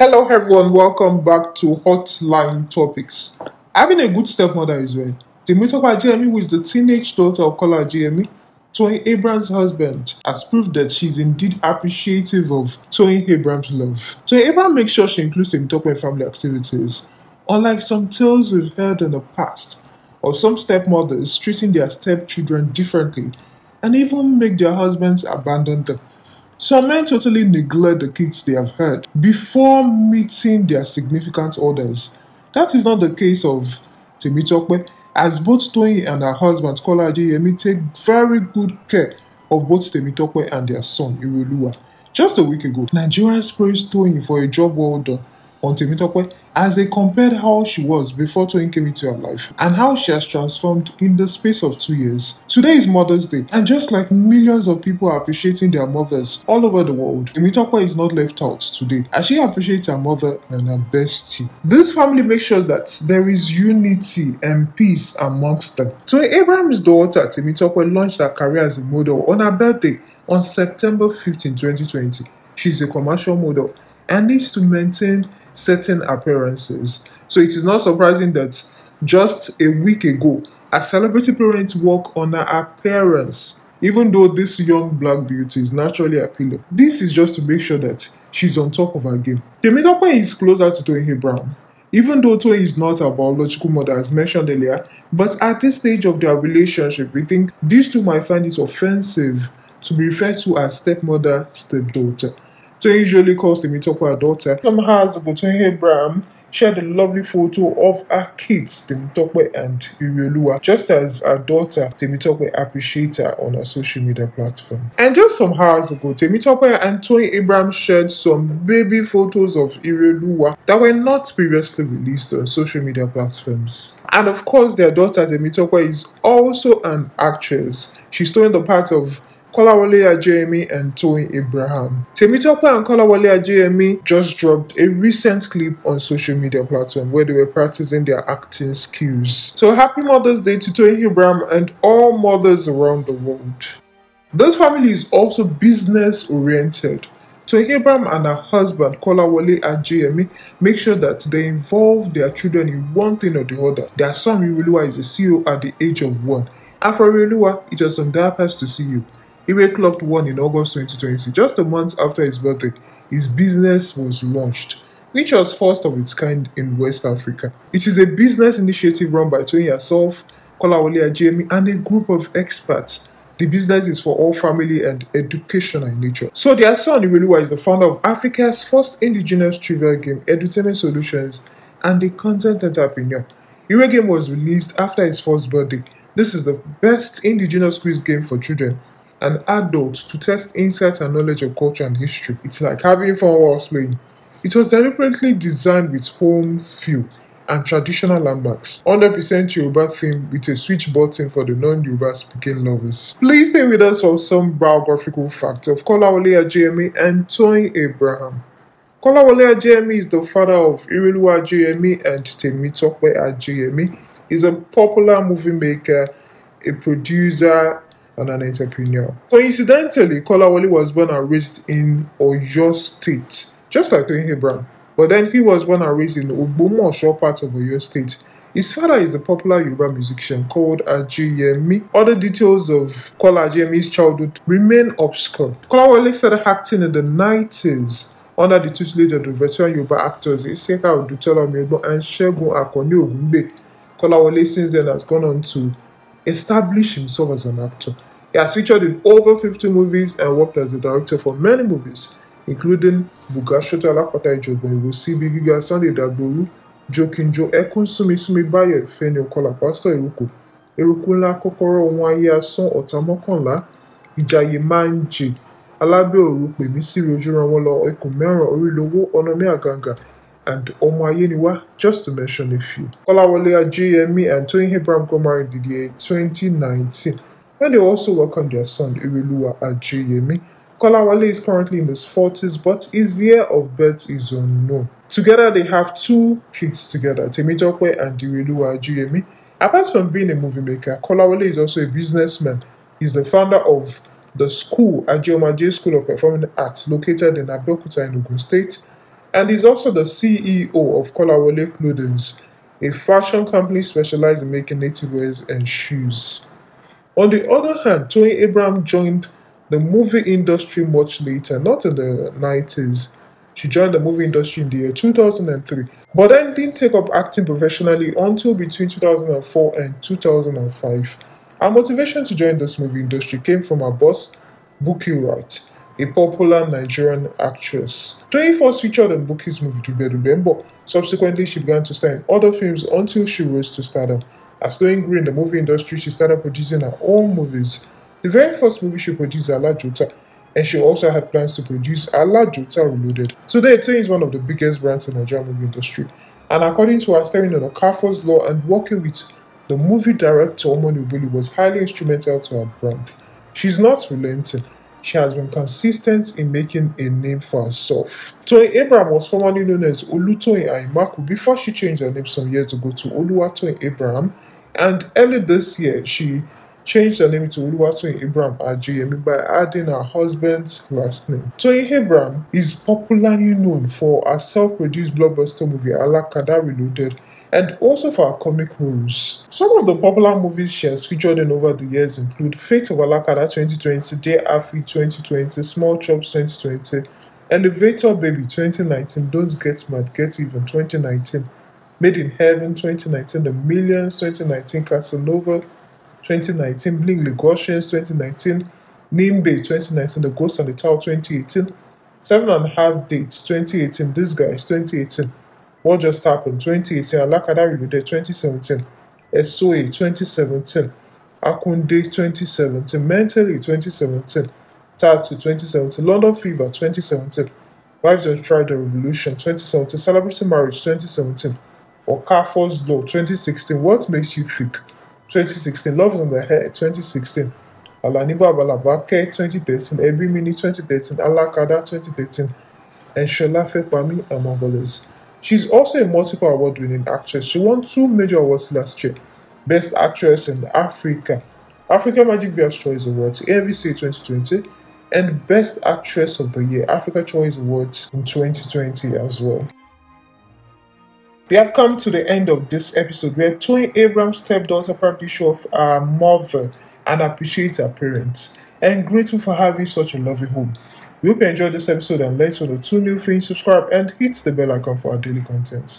Hello, everyone. Welcome back to Hotline Topics. Having a good stepmother is when Dimitra Jeremy who is the teenage daughter of Kola Ajemi, Toyin Abraham's husband, has proved that she is indeed appreciative of Toyin Abraham's love. Toyin Abraham makes sure she includes Dimitra in family activities. Unlike some tales we've heard in the past of some stepmothers treating their stepchildren differently and even make their husbands abandon them. Some men totally neglect the kicks they have heard before meeting their significant others. That is not the case of Temitokwe, as both Tony and her husband Kola Adeyemi take very good care of both Temitokwe and their son Irelua. Just a week ago, Nigerians praised Tony for a job well done on Temitope as they compared how she was before Toyin came into her life and how she has transformed in the space of two years. Today is Mother's Day, and just like millions of people are appreciating their mothers all over the world, Temitope is not left out today as she appreciates her mother and her bestie. This family makes sure that there is unity and peace amongst them. So Abraham's daughter Temitope launched her career as a model on her birthday on September 15, 2020. She's a commercial model and needs to maintain certain appearances. So it is not surprising that just a week ago, a celebrity parent worked on her appearance, even though this young black beauty is naturally appealing. This is just to make sure that she's on top of her game. Temitope is closer to Toyin Brown. Even though Toy is not her biological mother, as mentioned earlier, but at this stage of their relationship, we think these two might find it offensive to be referred to as stepmother, stepdaughter. So usually calls the Mitokwa daughter. Somehow, Zogotunhe Bram shared a lovely photo of her kids, Temitokwe and Iriolua, just as her daughter, Temitokwe, appreciated her on her social media platform. And just some hours ago, Temitokwe and Tony Abraham shared some baby photos of Iriolua that were not previously released on social media platforms. And of course, their daughter, Temitokwe, is also an actress. She's doing the part of Kolawole Ajayemi and Toyin Abraham. Temitope and Kolawole Ajayemi just dropped a recent clip on social media platform where they were practicing their acting skills. So happy Mother's Day to Toyin Abraham and all mothers around the world. This family is also business oriented. Toyin Abraham and her husband Kolawole Ajayemi make sure that they involve their children in one thing or the other. Their son Iriluwa is a CEO at the age of one. And for Iriluwa, it was on their purpose to see you. Ibe clocked one in August 2020, just a month after his birthday. His business was launched, which was first of its kind in West Africa. It is a business initiative run by Tony herself, Kolawole Ajemi, and a group of experts. The business is for all family and educational in nature. So their son Iweluwa is the founder of Africa's first indigenous trivia game, Edutainment Solutions, and a content entrepreneur. Iwe game was released after his first birthday. This is the best indigenous quiz game for children and adults to test insights and knowledge of culture and history. It's like having fun while playing. It was deliberately designed with home feel and traditional landmarks. 100% Yoruba theme with a switch button for the non-Yoruba speaking lovers. Please stay with us for some biographical facts of Kolawole Ajayemi and Toyin Abraham. Kolawole Ajayemi is the father of Iriluwa Ajayemi and Temitope Ajayemi. He's a popular movie maker, a producer, and an entrepreneur. Coincidentally, Kolawole was born and raised in Oyo State, just like Toyin Abraham. But then he was born and raised in short part of Oyo State. His father is a popular Yoruba musician called Ajayemi. Other details of Kola Ajayemi's childhood remain obscure. Kola Kolawole started acting in the 90s under the tutelage of the veteran Yoruba actors Iseka Odutola Omiogbo and Segun Akoni Kola Kolawole since then has gone on to establish himself as an actor. He has featured in over 50 movies and worked as a director for many movies, including Bugashoto Alapata Ijogbonigbo, CB Giga, Sunday Dagboru, Jokinjo Ekun, Sumi Sumi Bayo, Fẹ́ni Ọkọlá, Pásítọ̀ Eruku, Eruku Ńlá, Kọ́kọ́rọ́ Ohun Ayé Asán, Ọ̀tá Mọ́kànlá, Ìjàyè Máa ń Jè, Alábẹ́ Òru, Pèmí Sírí Ojú Ran Wọ́n Lọ, Ikùn Mẹ́ràn, Orílowó, Ọ̀nàmí Àgàngà, and Ọmọ Ayé Ni just to mention a few. Kọ́láwọlé Ajéyẹmí and Tóyìn Abraham got married in 2019. and they also welcomed their son Irelua Ajayemi. Kolawale is currently in his 40s, but his year of birth is unknown. Together, they have two kids together, Temitope and Irelua Ajayemi. Apart from being a movie maker, Kolawale is also a businessman. He's the founder of the school, Ajiomaje School of Performing Arts, located in Abeokuta in Ogun State, and he's also the CEO of Kolawole Clothings, a fashion company specialized in making native wears and shoes. On the other hand, Tony Abraham joined the movie industry much later, not in the 90s. She joined the movie industry in the year 2003, but then didn't take up acting professionally until between 2004 and 2005. Her motivation to join this movie industry came from her boss, Buki Wright, a popular Nigerian actress. Tony first featured in Buki's movie Dube Dubembo. Subsequently, she began to star in other films until she rose to stardom. As still angry in the movie industry, she started producing her own movies. The very first movie she produced, Ala Jota, and she also had plans to produce Ala Jota Reloaded. Today, Tain is one of the biggest brands in the Nigerian movie industry. And according to her, staring on Okafor's law and working with the movie director Omoni Ubuli was highly instrumental to her brand. She's not relenting she has been consistent in making a name for herself. Toy Abraham was formerly known as Olutoyin Aimaku before she changed her name some years ago to Oluwatoyin Abraham, and early this year she changed her name to Oluwatoyin Abraham Ajayemi by adding her husband's last name. Toyin Abraham is popularly known for her self-produced blockbuster movie Alakada Reloaded and also for her comic roles. Some of the popular movies she has featured in over the years include Fate of Alakada 2020, Day Afri 2020, Small Chops 2020, Elevator Baby 2019, Don't Get Mad, Get Even 2019, Made in Heaven 2019, The Millions 2019, Casanova 2019, Bling Ligosians 2019, Nimbe 2019, The Ghost and the tower. 2018, Seven and a Half Dates 2018, guy Guys 2018, What Just Happened 2018, Alakada Rebude 2017, SOA 2017, Akunde 2017, Mentally 2017, Tattoo 2017, London Fever 2017, Wives Just Tried the Revolution 2017, Celebrating Marriage 2017, or Carfor's Law 2016, What Makes You Think? 2016 love is on the head. 2016 alaniba balabake 2013 ebimini 2013 alakada 2013 and shola fepami among She she's also a multiple award-winning actress she won two major awards last year best actress in africa africa magic viewers choice awards avc 2020 and best actress of the year africa choice awards in 2020 as well we have come to the end of this episode where Tony Abrams' stepdaughter probably show off her mother and appreciate her parents and grateful for having such a loving home. We hope you enjoyed this episode and let's one the two new things. Subscribe and hit the bell icon for our daily contents.